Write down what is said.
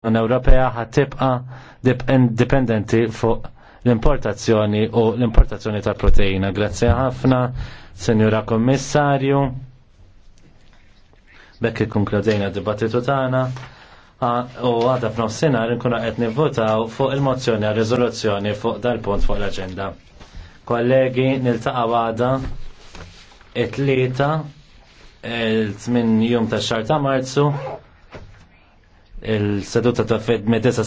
l-Unjoni Ewropea ħatibqa dipendenti fuq l-importazzjoni u l-importazzjoni ta' proteina. Grazzi ħafna, Senjura Kommissarju. Bekki konkludejna d-dibattitu tagħna u għada f'nofsinhar nkunu qed nivvotaw fuq il-mozzjoni għal riżoluzzjoni fuq dal-punt fuq l-aġenda. Kollegi, niltaqa' għada it-tlieta il-8 jum ta' xar ta' Marzu il-seduta ta' fed medesa